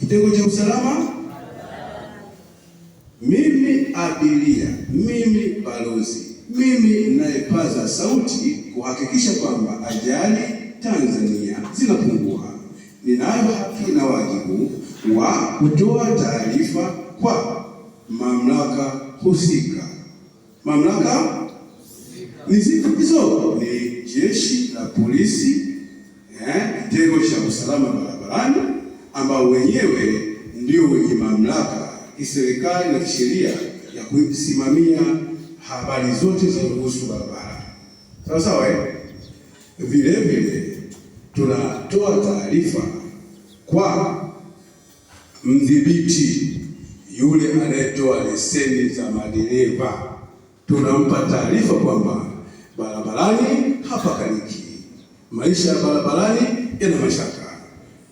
kitengo cha usalama, mimi abiria, mimi balozi, mimi nayepaza sauti kuhakikisha kwamba ajali Tanzania zinapungua. Ninayo haki na wajibu wa kutoa taarifa kwa mamlaka husika. Mamlaka ni zipi hizo? Ni jeshi la polisi, eh, kitengo eh, cha usalama barabarani ambao wenyewe ndio wenye mamlaka kiserikali na kisheria ya kusimamia habari zote zinazohusu barabara. Sawa sawa, eh? Vile vile tunatoa taarifa kwa mdhibiti yule anayetoa leseni za madereva, tunampa taarifa kwamba barabarani hapa kaniki, maisha ya barabarani yana mashaka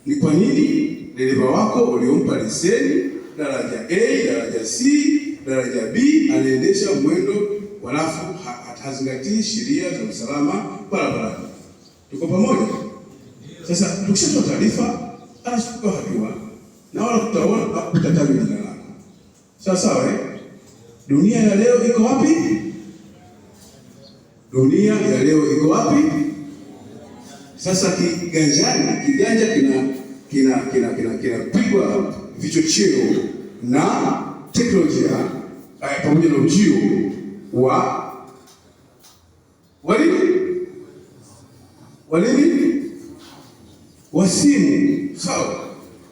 ni kwa nini dereva wako uliompa leseni daraja A, daraja C, daraja B anaendesha mwendo halafu hazingatii sheria za usalama barabarani? Tuko pamoja? Sasa tukishatoa taarifa, anachukua hatua na wala tutaona kutataja ah, jina lako. Sawa sawa. Eh? Dunia ya leo iko wapi? Dunia ya leo iko wapi? Sasa kiganjani, kiganja kinapigwa kina, kina, kina, kina vichocheo na teknolojia eh, pamoja na ujio wa walimi walimi wasimu sawa